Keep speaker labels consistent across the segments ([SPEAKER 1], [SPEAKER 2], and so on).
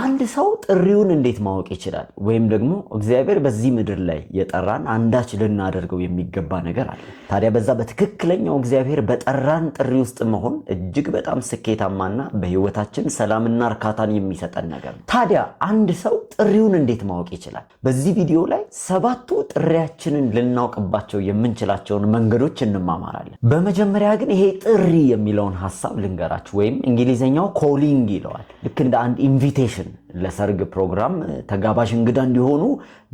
[SPEAKER 1] አንድ ሰው ጥሪውን እንዴት ማወቅ ይችላል? ወይም ደግሞ እግዚአብሔር በዚህ ምድር ላይ የጠራን አንዳች ልናደርገው የሚገባ ነገር አለ። ታዲያ በዛ በትክክለኛው እግዚአብሔር በጠራን ጥሪ ውስጥ መሆን እጅግ በጣም ስኬታማና በሕይወታችን ሰላምና እርካታን የሚሰጠን ነገር ነው። ታዲያ አንድ ሰው ጥሪውን እንዴት ማወቅ ይችላል? በዚህ ቪዲዮ ላይ ሰባቱ ጥሪያችንን ልናውቅባቸው የምንችላቸውን መንገዶች እንማማራለን። በመጀመሪያ ግን ይሄ ጥሪ የሚለውን ሀሳብ ልንገራችሁ፣ ወይም እንግሊዝኛው ኮሊንግ ይለዋል። ልክ እንደ አንድ ኢንቪቴሽን ሰዎችን ለሰርግ ፕሮግራም ተጋባዥ እንግዳ እንዲሆኑ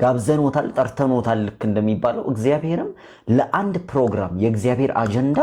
[SPEAKER 1] ጋብዘኖታል፣ ጠርተኖታል። ልክ እንደሚባለው እግዚአብሔርም ለአንድ ፕሮግራም የእግዚአብሔር አጀንዳ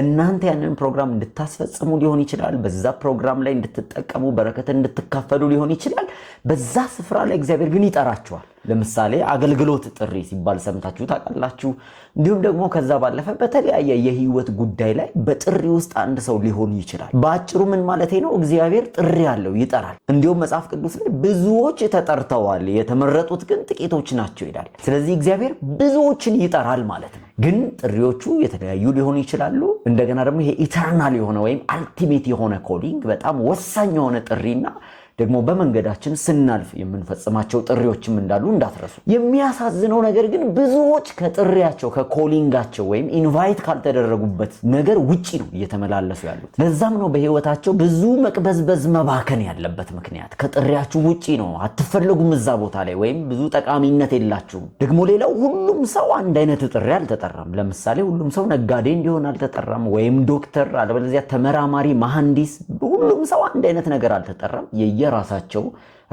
[SPEAKER 1] እናንተ ያንን ፕሮግራም እንድታስፈጽሙ ሊሆን ይችላል። በዛ ፕሮግራም ላይ እንድትጠቀሙ በረከት እንድትካፈሉ ሊሆን ይችላል። በዛ ስፍራ ላይ እግዚአብሔር ግን ይጠራቸዋል። ለምሳሌ አገልግሎት ጥሪ ሲባል ሰምታችሁ ታውቃላችሁ። እንዲሁም ደግሞ ከዛ ባለፈ በተለያየ የህይወት ጉዳይ ላይ በጥሪ ውስጥ አንድ ሰው ሊሆን ይችላል። በአጭሩ ምን ማለት ነው? እግዚአብሔር ጥሪ አለው፣ ይጠራል። እንዲሁም መጽሐፍ ቅዱስ ላይ ብዙዎች ተጠርተዋል፣ የተመረጡት ግን ጥቂቶች ናቸው ይላል። ስለዚህ እግዚአብሔር ብዙዎችን ይጠራል ማለት ነው። ግን ጥሪዎቹ የተለያዩ ሊሆኑ ይችላሉ። እንደገና ደግሞ ይሄ ኢተርናል የሆነ ወይም አልቲሜት የሆነ ኮሊንግ በጣም ወሳኝ የሆነ ጥሪና ደግሞ በመንገዳችን ስናልፍ የምንፈጽማቸው ጥሪዎችም እንዳሉ እንዳትረሱ። የሚያሳዝነው ነገር ግን ብዙዎች ከጥሪያቸው ከኮሊንጋቸው ወይም ኢንቫይት ካልተደረጉበት ነገር ውጪ ነው እየተመላለሱ ያሉት። ለዛም ነው በህይወታቸው ብዙ መቅበዝበዝ መባከን ያለበት ምክንያት ከጥሪያችሁ ውጪ ነው። አትፈለጉም እዛ ቦታ ላይ ወይም ብዙ ጠቃሚነት የላችሁም። ደግሞ ሌላው ሁሉም ሰው አንድ አይነት ጥሪ አልተጠራም። ለምሳሌ ሁሉም ሰው ነጋዴ እንዲሆን አልተጠራም፣ ወይም ዶክተር፣ አለበለዚያ ተመራማሪ፣ መሐንዲስ። ሁሉም ሰው አንድ አይነት ነገር አልተጠራም። የየራሳቸው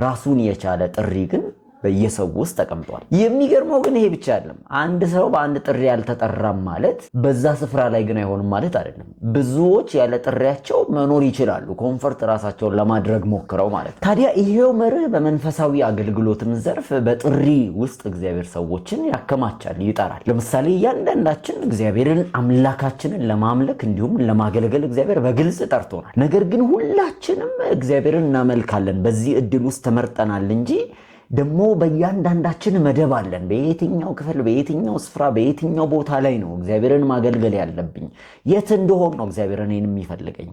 [SPEAKER 1] ራሱን የቻለ ጥሪ ግን በየሰው ውስጥ ተቀምጧል። የሚገርመው ግን ይሄ ብቻ አይደለም። አንድ ሰው በአንድ ጥሪ ያልተጠራም ማለት በዛ ስፍራ ላይ ግን አይሆንም ማለት አይደለም። ብዙዎች ያለ ጥሪያቸው መኖር ይችላሉ፣ ኮንፈርት ራሳቸውን ለማድረግ ሞክረው ማለት። ታዲያ ይሄው መርህ በመንፈሳዊ አገልግሎትም ዘርፍ በጥሪ ውስጥ እግዚአብሔር ሰዎችን ያከማቻል፣ ይጠራል። ለምሳሌ እያንዳንዳችን እግዚአብሔርን አምላካችንን ለማምለክ እንዲሁም ለማገልገል እግዚአብሔር በግልጽ ጠርቶናል። ነገር ግን ሁላችንም እግዚአብሔርን እናመልካለን፣ በዚህ እድል ውስጥ ተመርጠናል እንጂ ደግሞ በእያንዳንዳችን መደብ አለን። በየትኛው ክፍል፣ በየትኛው ስፍራ፣ በየትኛው ቦታ ላይ ነው እግዚአብሔርን ማገልገል ያለብኝ? የት እንደሆን ነው እግዚአብሔርን የሚፈልገኝ?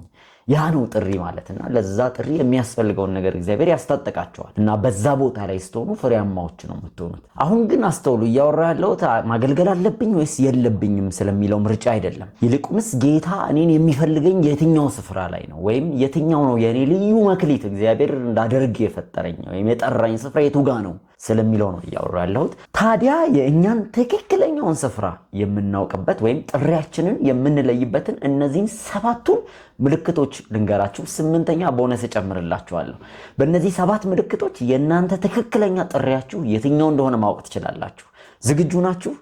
[SPEAKER 1] ያ ነው ጥሪ ማለት እና ለዛ ጥሪ የሚያስፈልገውን ነገር እግዚአብሔር ያስታጠቃቸዋል እና በዛ ቦታ ላይ ስትሆኑ ፍሬያማዎች ነው የምትሆኑት። አሁን ግን አስተውሉ፣ እያወራ ያለሁት ማገልገል አለብኝ ወይስ የለብኝም ስለሚለው ምርጫ አይደለም። ይልቁንስ ጌታ እኔን የሚፈልገኝ የትኛው ስፍራ ላይ ነው ወይም የትኛው ነው የእኔ ልዩ መክሊት እግዚአብሔር እንዳደርግ የፈጠረኝ ወይም የጠራኝ ስፍራ የቱጋ ነው ስለሚለው ነው እያወራ ያለሁት። ታዲያ የእኛን ትክክለኛውን ስፍራ የምናውቅበት ወይም ጥሪያችንን የምንለይበትን እነዚህን ሰባቱን ምልክቶች ልንገራችሁ፣ ስምንተኛ ቦነስ እጨምርላችኋለሁ። በእነዚህ ሰባት ምልክቶች የእናንተ ትክክለኛ ጥሪያችሁ የትኛው እንደሆነ ማወቅ ትችላላችሁ። ዝግጁ ናችሁ?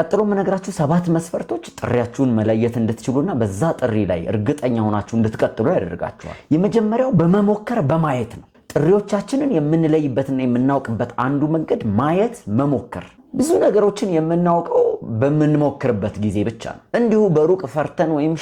[SPEAKER 1] ቀጥሎ የምነግራችሁ ሰባት መስፈርቶች ጥሪያችሁን መለየት እንድትችሉና በዛ ጥሪ ላይ እርግጠኛ ሆናችሁ እንድትቀጥሉ ያደርጋችኋል። የመጀመሪያው በመሞከር በማየት ነው። ጥሪዎቻችንን የምንለይበትና የምናውቅበት አንዱ መንገድ ማየት፣ መሞከር። ብዙ ነገሮችን የምናውቀው በምንሞክርበት ጊዜ ብቻ ነው። እንዲሁ በሩቅ ፈርተን ወይም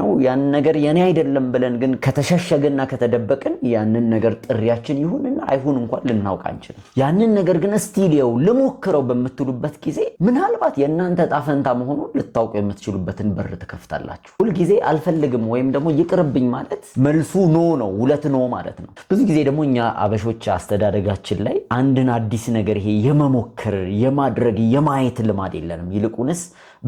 [SPEAKER 1] ነው ያን ነገር የኔ አይደለም ብለን ግን ከተሸሸገና ከተደበቅን ያንን ነገር ጥሪያችን ይሁንና አይሁን እንኳን ልናውቅ አንችልም። ያንን ነገር ግን እስቲሊየው ልሞክረው በምትሉበት ጊዜ ምናልባት የእናንተ ጣፈንታ መሆኑን ልታውቁ የምትችሉበትን በር ትከፍታላችሁ። ሁልጊዜ አልፈልግም ወይም ደግሞ ይቅርብኝ ማለት መልሱ ኖ ነው፣ ሁለት ኖ ማለት ነው። ብዙ ጊዜ ደግሞ እኛ አበሾች አስተዳደጋችን ላይ አንድን አዲስ ነገር ይሄ የመሞከር የማድረግ የማየት ልማድ የለንም። ይልቁንስ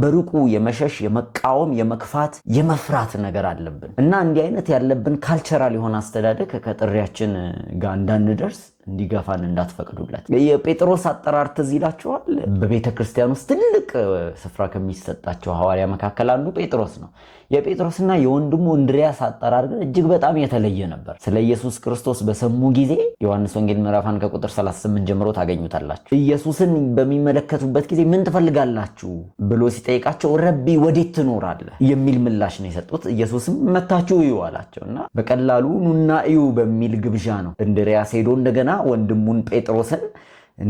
[SPEAKER 1] በሩቁ የመሸሽ የመቃወም የመክፋት የመፍራት ነገር አለብን እና እንዲህ አይነት ያለብን ካልቸራል የሆነ አስተዳደግ ከጥሪያችን ጋር እንዳንደርስ እንዲገፋን እንዳትፈቅዱለት። የጴጥሮስ አጠራር ትዝ ይላችኋል። በቤተ ክርስቲያን ውስጥ ትልቅ ስፍራ ከሚሰጣቸው ሐዋርያ መካከል አንዱ ጴጥሮስ ነው። የጴጥሮስና የወንድሙ እንድሪያስ አጠራር ግን እጅግ በጣም የተለየ ነበር። ስለ ኢየሱስ ክርስቶስ በሰሙ ጊዜ ዮሐንስ ወንጌል ምዕራፍ አንድ ከቁጥር 38 ጀምሮ ታገኙታላችሁ። ኢየሱስን በሚመለከቱበት ጊዜ ምን ትፈልጋላችሁ ብሎ ሲጠይቃቸው ረቢ ወዴት ትኖራለህ የሚል ምላሽ ነው የሰጡት። ኢየሱስም መታችሁ እዩ አላቸው እና በቀላሉ ኑና እዩ በሚል ግብዣ ነው እንድሪያስ ሄዶ እንደገና ወንድሙን ጴጥሮስን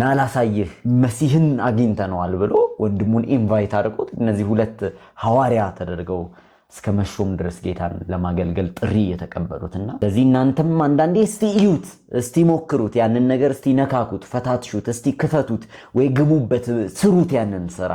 [SPEAKER 1] ና ላሳይህ መሲህን አግኝተነዋል ብሎ ወንድሙን ኢንቫይት አድርጎት እነዚህ ሁለት ሐዋርያ ተደርገው እስከ መሾም ድረስ ጌታን ለማገልገል ጥሪ የተቀበሉትና ለዚህ እናንተም አንዳንዴ እስቲ እዩት፣ እስቲ ሞክሩት፣ ያንን ነገር እስቲ ነካኩት፣ ፈታትሹት፣ እስቲ ክፈቱት፣ ወይ ግቡበት፣ ስሩት፣ ያንን ስራ፣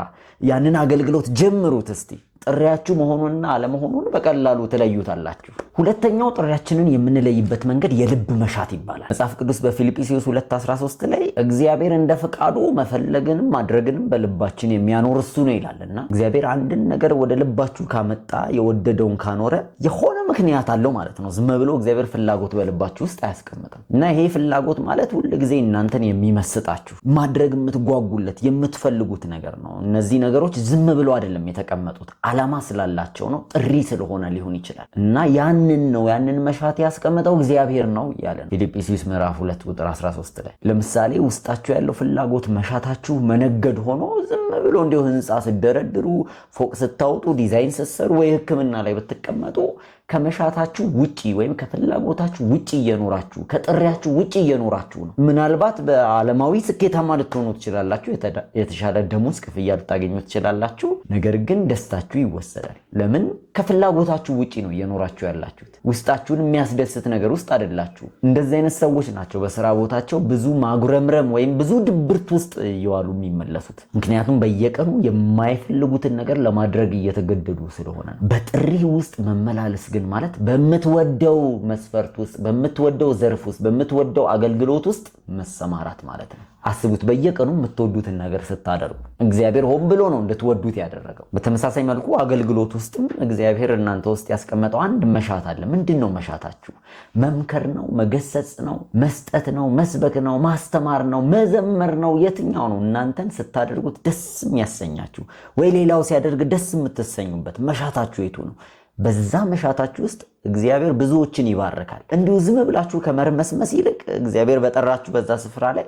[SPEAKER 1] ያንን አገልግሎት ጀምሩት እስቲ ጥሪያችሁ መሆኑንና አለመሆኑን በቀላሉ ትለዩታላችሁ። ሁለተኛው ጥሪያችንን የምንለይበት መንገድ የልብ መሻት ይባላል። መጽሐፍ ቅዱስ በፊልጵስዩስ 2:13 ላይ እግዚአብሔር እንደ ፈቃዱ መፈለግንም ማድረግንም በልባችን የሚያኖር እሱ ነው ይላልና እግዚአብሔር አንድን ነገር ወደ ልባችሁ ካመጣ የወደደውን ካኖረ የሆነ ምክንያት አለው ማለት ነው። ዝም ብሎ እግዚአብሔር ፍላጎት በልባችሁ ውስጥ አያስቀምጥም እና ይሄ ፍላጎት ማለት ሁል ጊዜ እናንተን የሚመስጣችሁ ማድረግ የምትጓጉለት የምትፈልጉት ነገር ነው። እነዚህ ነገሮች ዝም ብሎ አይደለም የተቀመጡት ዓላማ ስላላቸው ነው፣ ጥሪ ስለሆነ ሊሆን ይችላል እና ያንን ነው ያንን መሻት ያስቀመጠው እግዚአብሔር ነው እያለ ነው ፊልጵስዩስ ምዕራፍ 2 ቁጥር 13 ላይ። ለምሳሌ ውስጣችሁ ያለው ፍላጎት መሻታችሁ መነገድ ሆኖ ዝም ብሎ እንዲሁ ህንፃ ስደረድሩ፣ ፎቅ ስታወጡ፣ ዲዛይን ስትሰሩ ወይ ህክምና ላይ ብትቀመጡ ከመሻታችሁ ውጪ ወይም ከፍላጎታችሁ ውጪ እየኖራችሁ ከጥሪያችሁ ውጪ እየኖራችሁ ነው። ምናልባት በዓለማዊ ስኬታማ ልትሆኑ ትችላላችሁ። የተሻለ ደሞዝ ክፍያ ልታገኙ ትችላላችሁ። ነገር ግን ደስታችሁ ይወሰዳል። ለምን? ከፍላጎታችሁ ውጪ ነው እየኖራችሁ ያላችሁት። ውስጣችሁን የሚያስደስት ነገር ውስጥ አይደላችሁ። እንደዚህ አይነት ሰዎች ናቸው በስራ ቦታቸው ብዙ ማጉረምረም ወይም ብዙ ድብርት ውስጥ እየዋሉ የሚመለሱት። ምክንያቱም በየቀኑ የማይፈልጉትን ነገር ለማድረግ እየተገደዱ ስለሆነ ነው። በጥሪ ውስጥ መመላለስ ግን ግን ማለት በምትወደው መስፈርት ውስጥ በምትወደው ዘርፍ ውስጥ በምትወደው አገልግሎት ውስጥ መሰማራት ማለት ነው። አስቡት፣ በየቀኑ የምትወዱትን ነገር ስታደርጉ እግዚአብሔር ሆን ብሎ ነው እንድትወዱት ያደረገው። በተመሳሳይ መልኩ አገልግሎት ውስጥም እግዚአብሔር እናንተ ውስጥ ያስቀመጠው አንድ መሻት አለ። ምንድን ነው መሻታችሁ? መምከር ነው? መገሰጽ ነው? መስጠት ነው? መስበክ ነው? ማስተማር ነው? መዘመር ነው? የትኛው ነው እናንተን ስታደርጉት ደስ የሚያሰኛችሁ ወይ ሌላው ሲያደርግ ደስ የምትሰኙበት መሻታችሁ የቱ ነው? በዛ መሻታችሁ ውስጥ እግዚአብሔር ብዙዎችን ይባርካል። እንዲሁ ዝም ብላችሁ ከመርመስመስ ይልቅ እግዚአብሔር በጠራችሁ በዛ ስፍራ ላይ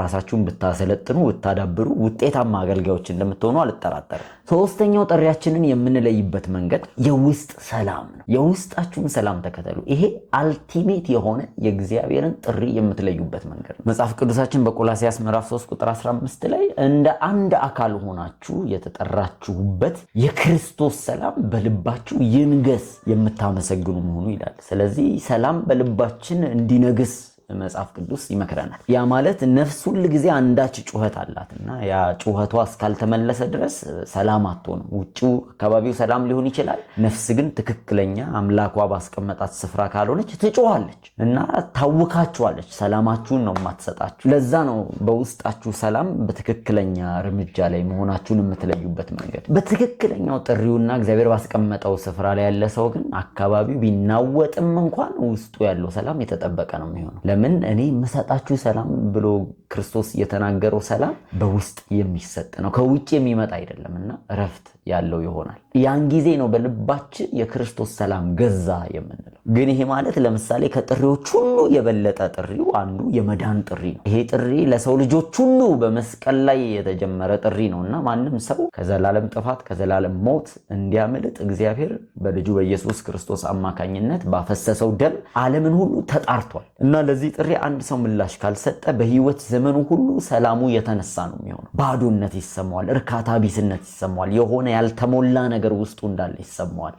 [SPEAKER 1] ራሳችሁን ብታሰለጥኑ ብታዳብሩ ውጤታማ አገልጋዮች እንደምትሆኑ አልጠራጠርም። ሶስተኛው ጥሪያችንን የምንለይበት መንገድ የውስጥ ሰላም ነው። የውስጣችሁን ሰላም ተከተሉ። ይሄ አልቲሜት የሆነ የእግዚአብሔርን ጥሪ የምትለዩበት መንገድ ነው። መጽሐፍ ቅዱሳችን በቆላሲያስ ምዕራፍ 3 ቁጥር 15 ላይ እንደ አንድ አካል ሆናችሁ የተጠራችሁበት የክርስቶስ ሰላም በልባችሁ ይንገስ የምታመሰግኑ መሆኑ ይላል። ስለዚህ ሰላም በልባችን እንዲነግስ መጽሐፍ ቅዱስ ይመክረናል። ያ ማለት ነፍስ ሁል ጊዜ አንዳች ጩኸት አላትና ያ ጩኸቷ እስካልተመለሰ ድረስ ሰላም አትሆንም። ውጭው አካባቢው ሰላም ሊሆን ይችላል። ነፍስ ግን ትክክለኛ አምላኳ ባስቀመጣት ስፍራ ካልሆነች ትጮኋለች እና ታውካችኋለች። ሰላማችሁን ነው የማትሰጣችሁ። ለዛ ነው በውስጣችሁ ሰላም በትክክለኛ እርምጃ ላይ መሆናችሁን የምትለዩበት መንገድ። በትክክለኛው ጥሪውና እግዚአብሔር ባስቀመጠው ስፍራ ላይ ያለ ሰው ግን አካባቢው ቢናወጥም እንኳን ውስጡ ያለው ሰላም የተጠበቀ ነው የሚሆነው። ለምን እኔ የምሰጣችሁ ሰላም ብሎ ክርስቶስ የተናገረው ሰላም በውስጥ የሚሰጥ ነው፣ ከውጭ የሚመጣ አይደለም እና እረፍት ያለው ይሆናል። ያን ጊዜ ነው በልባችን የክርስቶስ ሰላም ገዛ የምንለው። ግን ይሄ ማለት ለምሳሌ ከጥሪዎች ሁሉ የበለጠ ጥሪው አንዱ የመዳን ጥሪ ነው። ይሄ ጥሪ ለሰው ልጆች ሁሉ በመስቀል ላይ የተጀመረ ጥሪ ነው እና ማንም ሰው ከዘላለም ጥፋት ከዘላለም ሞት እንዲያመልጥ እግዚአብሔር በልጁ በኢየሱስ ክርስቶስ አማካኝነት ባፈሰሰው ደም ዓለምን ሁሉ ተጣርቷል እና ለዚህ ጥሪ አንድ ሰው ምላሽ ካልሰጠ በህይወት ዘመን ዘመኑ ሁሉ ሰላሙ የተነሳ ነው የሚሆነው። ባዶነት ይሰማዋል፣ እርካታ ቢስነት ይሰማዋል፣ የሆነ ያልተሞላ ነገር ውስጡ እንዳለ ይሰማዋል።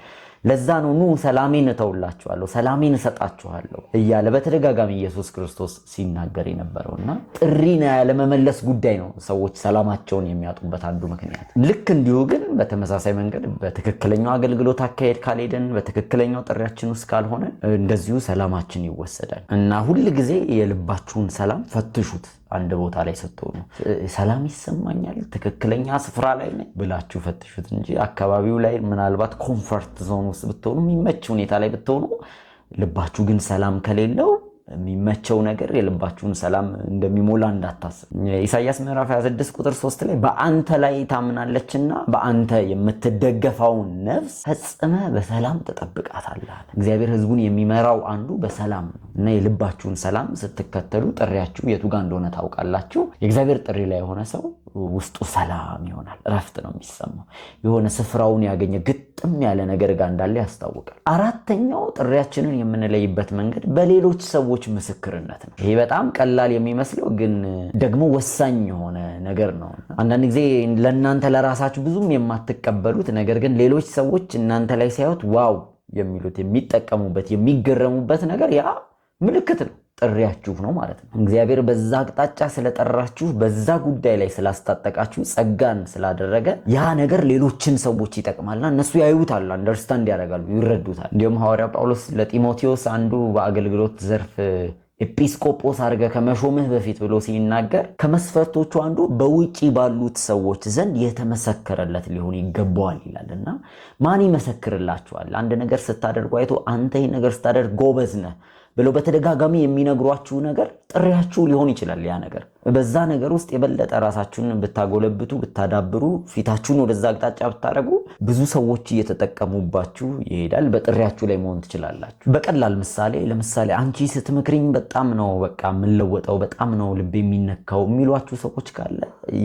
[SPEAKER 1] ለዛ ነው ኑ ሰላሜን እተውላችኋለሁ፣ ሰላሜን እሰጣችኋለሁ እያለ በተደጋጋሚ ኢየሱስ ክርስቶስ ሲናገር የነበረውና ጥሪን ያለመመለስ ጉዳይ ነው ሰዎች ሰላማቸውን የሚያጡበት አንዱ ምክንያት። ልክ እንዲሁ ግን በተመሳሳይ መንገድ በትክክለኛው አገልግሎት አካሄድ ካልሄደን፣ በትክክለኛው ጥሪያችን ውስጥ ካልሆነ እንደዚሁ ሰላማችን ይወሰዳል እና ሁል ጊዜ የልባችሁን ሰላም ፈትሹት። አንድ ቦታ ላይ ሰጠው ነው ሰላም ይሰማኛል፣ ትክክለኛ ስፍራ ላይ ነኝ ብላችሁ ፈትሹት እንጂ አካባቢው ላይ ምናልባት ኮንፈርት ዞን ውስጥ ብትሆኑ የሚመች ሁኔታ ላይ ብትሆኑ ልባችሁ ግን ሰላም ከሌለው የሚመቸው ነገር የልባችሁን ሰላም እንደሚሞላ እንዳታስብ። ኢሳያስ ምዕራፍ 26 ቁጥር 3 ላይ በአንተ ላይ ታምናለችና በአንተ የምትደገፈውን ነፍስ ፈጽመ በሰላም ትጠብቃታለህ። እግዚአብሔር ሕዝቡን የሚመራው አንዱ በሰላም ነው እና የልባችሁን ሰላም ስትከተሉ ጥሪያችሁ የቱጋ እንደሆነ ታውቃላችሁ። የእግዚአብሔር ጥሪ ላይ የሆነ ሰው ውስጡ ሰላም ይሆናል። እረፍት ነው የሚሰማው። የሆነ ስፍራውን ያገኘ ግጥም ያለ ነገር ጋር እንዳለ ያስታውቃል። አራተኛው ጥሪያችንን የምንለይበት መንገድ በሌሎች ሰዎች ምስክርነት ነው። ይሄ በጣም ቀላል የሚመስለው ግን ደግሞ ወሳኝ የሆነ ነገር ነው። አንዳንድ ጊዜ ለእናንተ ለራሳችሁ ብዙም የማትቀበሉት ነገር ግን ሌሎች ሰዎች እናንተ ላይ ሲያዩት ዋው የሚሉት የሚጠቀሙበት፣ የሚገረሙበት ነገር ያ ምልክት ነው። ጥሪያችሁ ነው ማለት ነው። እግዚአብሔር በዛ አቅጣጫ ስለጠራችሁ በዛ ጉዳይ ላይ ስላስታጠቃችሁ ጸጋን ስላደረገ ያ ነገር ሌሎችን ሰዎች ይጠቅማልና እነሱ ያዩታል፣ አንደርስታንድ ያደርጋሉ፣ ይረዱታል። እንዲሁም ሐዋርያ ጳውሎስ ለጢሞቴዎስ አንዱ በአገልግሎት ዘርፍ ኤጲስቆጶስ አድርገህ ከመሾምህ በፊት ብሎ ሲናገር ከመስፈርቶቹ አንዱ በውጪ ባሉት ሰዎች ዘንድ የተመሰከረለት ሊሆን ይገባዋል ይላል እና ማን ይመሰክርላችኋል? አንድ ነገር ስታደርጉ አይቶ አንተ ነገር ስታደርግ ጎበዝ ነህ ብለው በተደጋጋሚ የሚነግሯችሁ ነገር ጥሪያችሁ ሊሆን ይችላል። ያ ነገር በዛ ነገር ውስጥ የበለጠ ራሳችሁን ብታጎለብቱ፣ ብታዳብሩ፣ ፊታችሁን ወደዛ አቅጣጫ ብታደረጉ ብዙ ሰዎች እየተጠቀሙባችሁ ይሄዳል። በጥሪያችሁ ላይ መሆን ትችላላችሁ። በቀላል ምሳሌ ለምሳሌ አንቺ ስትመክሪኝ በጣም ነው በቃ የምለወጠው፣ በጣም ነው ልብ የሚነካው የሚሏችሁ ሰዎች ካለ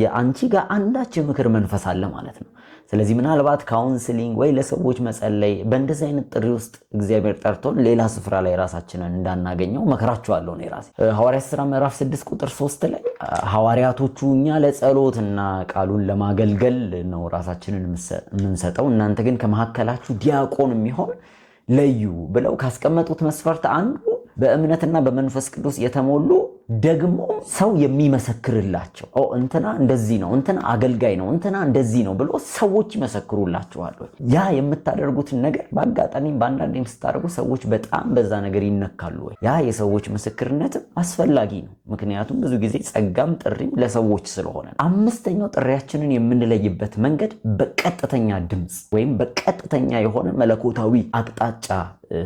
[SPEAKER 1] የአንቺ ጋር አንዳች የምክር መንፈስ አለ ማለት ነው። ስለዚህ ምናልባት ካውንስሊንግ ወይ ለሰዎች መጸለይ በእንደዚህ አይነት ጥሪ ውስጥ እግዚአብሔር ጠርቶን ሌላ ስፍራ ላይ ራሳችንን እንዳናገኘው መከራችኋለሁ። እኔ ራሴ ሐዋርያት ስራ ምዕራፍ 6 ቁጥር 3 ላይ ሐዋርያቶቹ እኛ ለጸሎትና ቃሉን ለማገልገል ነው ራሳችንን የምንሰጠው፣ እናንተ ግን ከመካከላችሁ ዲያቆን የሚሆን ለዩ ብለው ካስቀመጡት መስፈርት አንዱ በእምነትና በመንፈስ ቅዱስ የተሞሉ ደግሞ ሰው የሚመሰክርላቸው እንትና እንደዚህ ነው፣ እንትና አገልጋይ ነው፣ እንትና እንደዚህ ነው ብሎ ሰዎች ይመሰክሩላችኋል። ያ የምታደርጉትን ነገር በአጋጣሚም በአንዳንዴም ስታደርጉ ሰዎች በጣም በዛ ነገር ይነካሉ። ወይ ያ የሰዎች ምስክርነትም አስፈላጊ ነው። ምክንያቱም ብዙ ጊዜ ጸጋም ጥሪም ለሰዎች ስለሆነ። አምስተኛው ጥሪያችንን የምንለይበት መንገድ በቀጥተኛ ድምፅ ወይም በቀጥተኛ የሆነ መለኮታዊ አቅጣጫ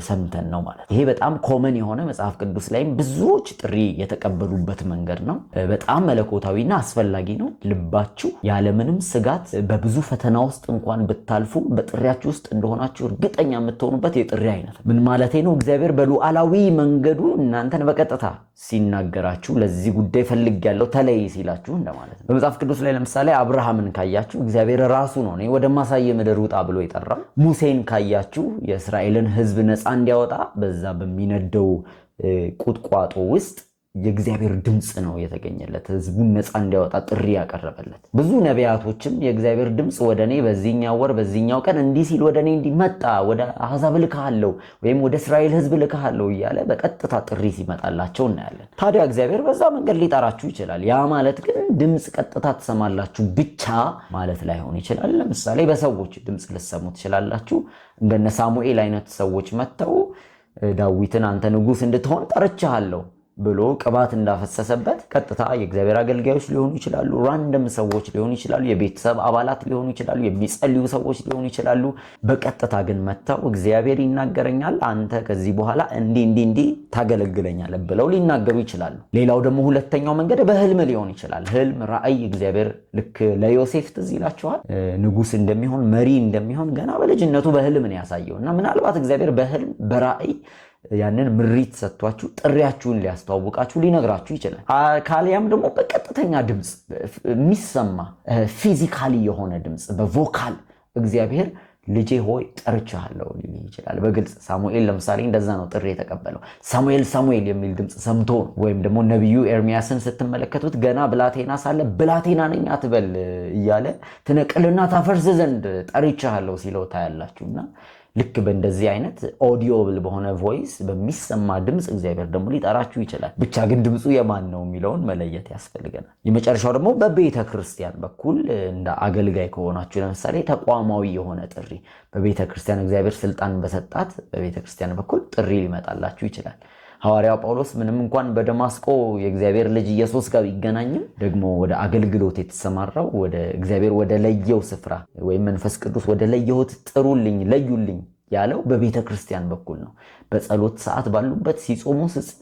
[SPEAKER 1] ሰምተን ነው ማለት። ይሄ በጣም ኮመን የሆነ መጽሐፍ ቅዱስ ላይም ብዙዎች ጥሪ የተቀበሉበት መንገድ ነው። በጣም መለኮታዊና አስፈላጊ ነው። ልባችሁ ያለምንም ስጋት በብዙ ፈተና ውስጥ እንኳን ብታልፉ በጥሪያችሁ ውስጥ እንደሆናችሁ እርግጠኛ የምትሆኑበት የጥሪ አይነት ምን ማለቴ ነው? እግዚአብሔር በሉዓላዊ መንገዱ እናንተን በቀጥታ ሲናገራችሁ ለዚህ ጉዳይ ያለው ተለይ ሲላችሁ እንደማለት ነው። በመጽሐፍ ቅዱስ ላይ ለምሳሌ አብርሃምን ካያችሁ እግዚአብሔር ራሱ ነው ወደ ማሳየ ምድር ውጣ ብሎ የጠራ ሙሴን ካያችሁ የእስራኤልን ሕዝብ ነፃ እንዲያወጣ በዛ በሚነደው ቁጥቋጦ ውስጥ የእግዚአብሔር ድምፅ ነው የተገኘለት። ህዝቡን ነፃ እንዲያወጣ ጥሪ ያቀረበለት። ብዙ ነቢያቶችም የእግዚአብሔር ድምፅ ወደ እኔ በዚህኛው ወር በዚህኛው ቀን እንዲህ ሲል ወደ እኔ እንዲመጣ ወደ አሕዛብ ልካለው ወይም ወደ እስራኤል ህዝብ ልካለው እያለ በቀጥታ ጥሪ ሲመጣላቸው እናያለን። ታዲያ እግዚአብሔር በዛ መንገድ ሊጠራችሁ ይችላል። ያ ማለት ግን ድምፅ ቀጥታ ትሰማላችሁ ብቻ ማለት ላይሆን ይችላል። ለምሳሌ በሰዎች ድምፅ ልሰሙ ትችላላችሁ። እንደነ ሳሙኤል አይነት ሰዎች መጥተው ዳዊትን አንተ ንጉስ እንድትሆን ጠርቻለሁ ብሎ ቅባት እንዳፈሰሰበት ቀጥታ የእግዚአብሔር አገልጋዮች ሊሆኑ ይችላሉ፣ ራንደም ሰዎች ሊሆኑ ይችላሉ፣ የቤተሰብ አባላት ሊሆኑ ይችላሉ፣ የሚጸልዩ ሰዎች ሊሆኑ ይችላሉ። በቀጥታ ግን መጥተው እግዚአብሔር ይናገረኛል፣ አንተ ከዚህ በኋላ እንዲ እንዲ እንዲ ታገለግለኛል ብለው ሊናገሩ ይችላሉ። ሌላው ደግሞ ሁለተኛው መንገድ በህልም ሊሆን ይችላል። ህልም ራእይ፣ እግዚአብሔር ልክ ለዮሴፍ ትዝ ይላቸዋል ንጉስ እንደሚሆን መሪ እንደሚሆን ገና በልጅነቱ በህልም ነው ያሳየው እና ምናልባት እግዚአብሔር በህልም በራእይ ያንን ምሪት ሰጥቷችሁ ጥሪያችሁን ሊያስተዋውቃችሁ ሊነግራችሁ ይችላል። ካሊያም ደግሞ በቀጥተኛ ድምፅ የሚሰማ ፊዚካሊ የሆነ ድምፅ በቮካል እግዚአብሔር ልጄ ሆይ ጠርቻለሁ ሊል ይችላል። በግልጽ ሳሙኤል ለምሳሌ እንደዛ ነው ጥሪ የተቀበለው። ሳሙኤል ሳሙኤል የሚል ድምፅ ሰምቶ ወይም ደግሞ ነቢዩ ኤርሚያስን ስትመለከቱት ገና ብላቴና ሳለ ብላቴና ነኝ አትበል እያለ ትነቅልና ታፈርስ ዘንድ ጠርቻለሁ ሲለው ታያላችሁና ልክ በእንደዚህ አይነት ኦዲዮብል በሆነ ቮይስ በሚሰማ ድምፅ እግዚአብሔር ደግሞ ሊጠራችሁ ይችላል። ብቻ ግን ድምፁ የማን ነው የሚለውን መለየት ያስፈልገናል። የመጨረሻው ደግሞ በቤተ ክርስቲያን በኩል እንደ አገልጋይ ከሆናችሁ ለምሳሌ ተቋማዊ የሆነ ጥሪ በቤተ ክርስቲያን እግዚአብሔር ስልጣን በሰጣት በቤተ ክርስቲያን በኩል ጥሪ ሊመጣላችሁ ይችላል። ሐዋርያው ጳውሎስ ምንም እንኳን በደማስቆ የእግዚአብሔር ልጅ ኢየሱስ ጋር ቢገናኝም ደግሞ ወደ አገልግሎት የተሰማራው ወደ እግዚአብሔር ወደ ለየው ስፍራ ወይም መንፈስ ቅዱስ ወደ ለየሁት ጥሩልኝ፣ ለዩልኝ ያለው በቤተ ክርስቲያን በኩል ነው። በጸሎት ሰዓት ባሉበት ሲጾሙ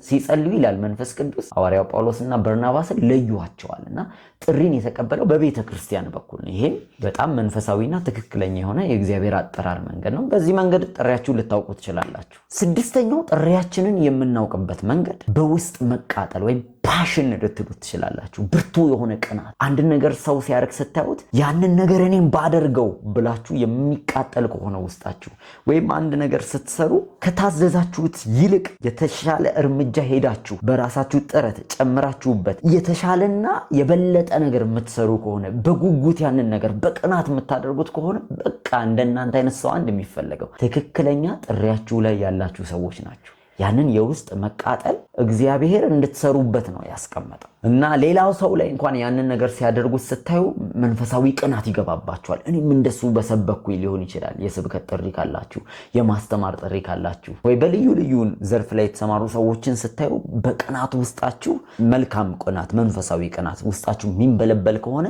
[SPEAKER 1] ሲጸልዩ ይላል መንፈስ ቅዱስ ሐዋርያው ጳውሎስና በርናባስን ለዩዋቸዋል እና ጥሪን የተቀበለው በቤተ ክርስቲያን በኩል ነው። ይሄም በጣም መንፈሳዊና ትክክለኛ የሆነ የእግዚአብሔር አጠራር መንገድ ነው። በዚህ መንገድ ጥሪያችሁ ልታውቁ ትችላላችሁ። ስድስተኛው ጥሪያችንን የምናውቅበት መንገድ በውስጥ መቃጠል ወይም ፓሽን ልትሉ ትችላላችሁ። ብርቱ የሆነ ቅናት፣ አንድ ነገር ሰው ሲያደርግ ስታዩት ያንን ነገር እኔም ባደርገው ብላችሁ የሚቃጠል ከሆነ ውስጣችሁ ወይም አንድ ነገር ስትሰሩ ከታዘዛችሁት ይልቅ የተሻለ እርምጃ ሄዳችሁ በራሳችሁ ጥረት ጨምራችሁበት የተሻለና የበለጠ ነገር የምትሰሩ ከሆነ በጉጉት ያንን ነገር በቅናት የምታደርጉት ከሆነ በቃ እንደናንተ አይነት ሰው አንድ የሚፈለገው ትክክለኛ ጥሪያችሁ ላይ ያላችሁ ሰዎች ናቸው። ያንን የውስጥ መቃጠል እግዚአብሔር እንድትሰሩበት ነው ያስቀመጠው እና ሌላው ሰው ላይ እንኳን ያንን ነገር ሲያደርጉት ስታዩ መንፈሳዊ ቅናት ይገባባቸዋል። እኔም እንደሱ በሰበኩ ሊሆን ይችላል። የስብከት ጥሪ ካላችሁ፣ የማስተማር ጥሪ ካላችሁ ወይ በልዩ ልዩ ዘርፍ ላይ የተሰማሩ ሰዎችን ስታዩ በቅናት ውስጣችሁ መልካም ቅናት፣ መንፈሳዊ ቅናት ውስጣችሁ የሚንበለበል ከሆነ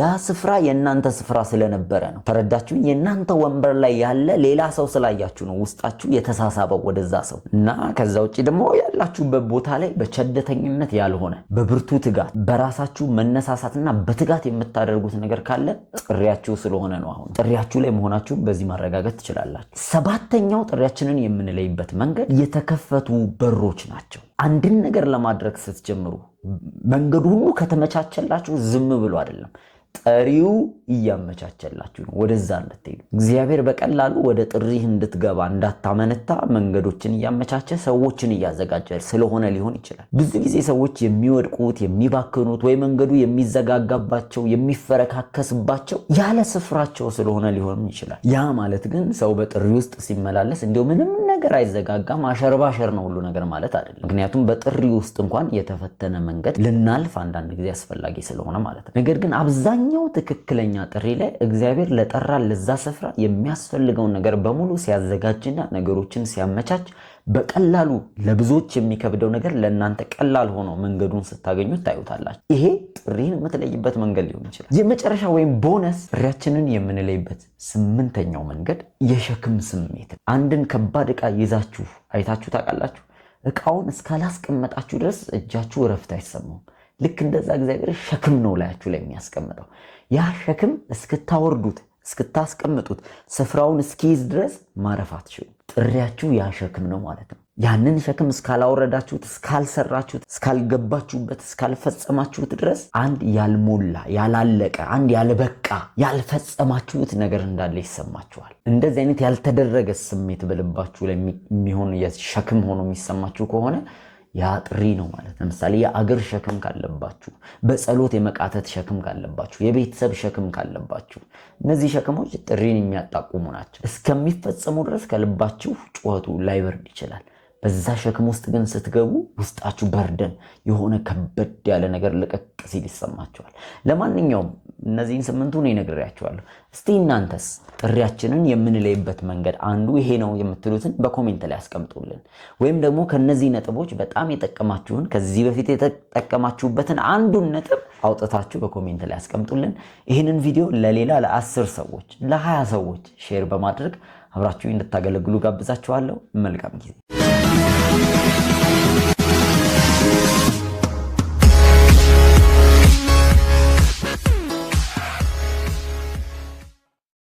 [SPEAKER 1] ያ ስፍራ የእናንተ ስፍራ ስለነበረ ነው። ተረዳችሁኝ? የእናንተ ወንበር ላይ ያለ ሌላ ሰው ስላያችሁ ነው ውስጣችሁ የተሳሳበው ወደዛ ሰው እና ከዛ ውጭ ደግሞ ያላችሁበት ቦታ ላይ በቸደተኝነት ያልሆነ በብርቱ ትጋት በራሳችሁ መነሳሳትና በትጋት የምታደርጉት ነገር ካለ ጥሪያችሁ ስለሆነ ነው። አሁን ጥሪያችሁ ላይ መሆናችሁን በዚህ ማረጋገጥ ትችላላችሁ። ሰባተኛው ጥሪያችንን የምንለይበት መንገድ የተከፈቱ በሮች ናቸው። አንድን ነገር ለማድረግ ስትጀምሩ መንገዱ ሁሉ ከተመቻቸላችሁ ዝም ብሎ አይደለም ጠሪው እያመቻቸላችሁ ነው። ወደዛ እንድትሄዱ እግዚአብሔር በቀላሉ ወደ ጥሪህ እንድትገባ እንዳታመነታ መንገዶችን እያመቻቸ ሰዎችን እያዘጋጀ ስለሆነ ሊሆን ይችላል። ብዙ ጊዜ ሰዎች የሚወድቁት የሚባክኑት፣ ወይ መንገዱ የሚዘጋጋባቸው የሚፈረካከስባቸው ያለ ስፍራቸው ስለሆነ ሊሆን ይችላል። ያ ማለት ግን ሰው በጥሪ ውስጥ ሲመላለስ እንዲሁ ምንም ነገር አይዘጋጋም። አሸርባሸር ነው ሁሉ ነገር ማለት አይደለም። ምክንያቱም በጥሪ ውስጥ እንኳን የተፈተነ መንገድ ልናልፍ አንዳንድ ጊዜ አስፈላጊ ስለሆነ ማለት ነው። ነገር ግን አብዛኛው ትክክለኛ ጥሪ ላይ እግዚአብሔር ለጠራ ለዛ ስፍራ የሚያስፈልገውን ነገር በሙሉ ሲያዘጋጅና ነገሮችን ሲያመቻች በቀላሉ ለብዙዎች የሚከብደው ነገር ለእናንተ ቀላል ሆኖ መንገዱን ስታገኙ ታዩታላችሁ። ይሄ ጥሪን የምትለይበት መንገድ ሊሆን ይችላል። የመጨረሻ ወይም ቦነስ ጥሪያችንን የምንለይበት ስምንተኛው መንገድ የሸክም ስሜት አንድን ከባድ ዕቃ ይዛችሁ አይታችሁ ታውቃላችሁ? እቃውን እስካላስቀመጣችሁ ድረስ እጃችሁ እረፍት አይሰማውም። ልክ እንደዛ እግዚአብሔር ሸክም ነው ላያችሁ ላይ የሚያስቀምጠው። ያ ሸክም እስክታወርዱት እስክታስቀምጡት ስፍራውን እስኪይዝ ድረስ ማረፍ አትችሉም። ጥሪያችሁ ያ ሸክም ነው ማለት ነው። ያንን ሸክም እስካላወረዳችሁት፣ እስካልሰራችሁት፣ እስካልገባችሁበት፣ እስካልፈጸማችሁት ድረስ አንድ ያልሞላ ያላለቀ፣ አንድ ያልበቃ ያልፈጸማችሁት ነገር እንዳለ ይሰማችኋል። እንደዚህ አይነት ያልተደረገ ስሜት በልባችሁ ላይ የሚሆን ሸክም ሆኖ የሚሰማችሁ ከሆነ ያ ጥሪ ነው ማለት። ለምሳሌ የአገር ሸክም ካለባችሁ፣ በጸሎት የመቃተት ሸክም ካለባችሁ፣ የቤተሰብ ሸክም ካለባችሁ፣ እነዚህ ሸክሞች ጥሪን የሚያጣቁሙ ናቸው። እስከሚፈጸሙ ድረስ ከልባችሁ ጩኸቱ ላይበርድ ይችላል። በዛ ሸክም ውስጥ ግን ስትገቡ ውስጣችሁ በርደን የሆነ ከበድ ያለ ነገር ልቀቅ ሲል ይሰማቸዋል። ለማንኛውም እነዚህን ስምንቱን ይነግሬያችኋለሁ። እስቲ እናንተስ ጥሪያችንን የምንለይበት መንገድ አንዱ ይሄ ነው የምትሉትን በኮሜንት ላይ አስቀምጡልን። ወይም ደግሞ ከነዚህ ነጥቦች በጣም የጠቀማችሁን ከዚህ በፊት የተጠቀማችሁበትን አንዱን ነጥብ አውጥታችሁ በኮሜንት ላይ አስቀምጡልን። ይህንን ቪዲዮ ለሌላ ለአስር ሰዎች ለሀያ ሰዎች ሼር በማድረግ አብራችሁ እንድታገለግሉ ጋብዛችኋለሁ። መልካም ጊዜ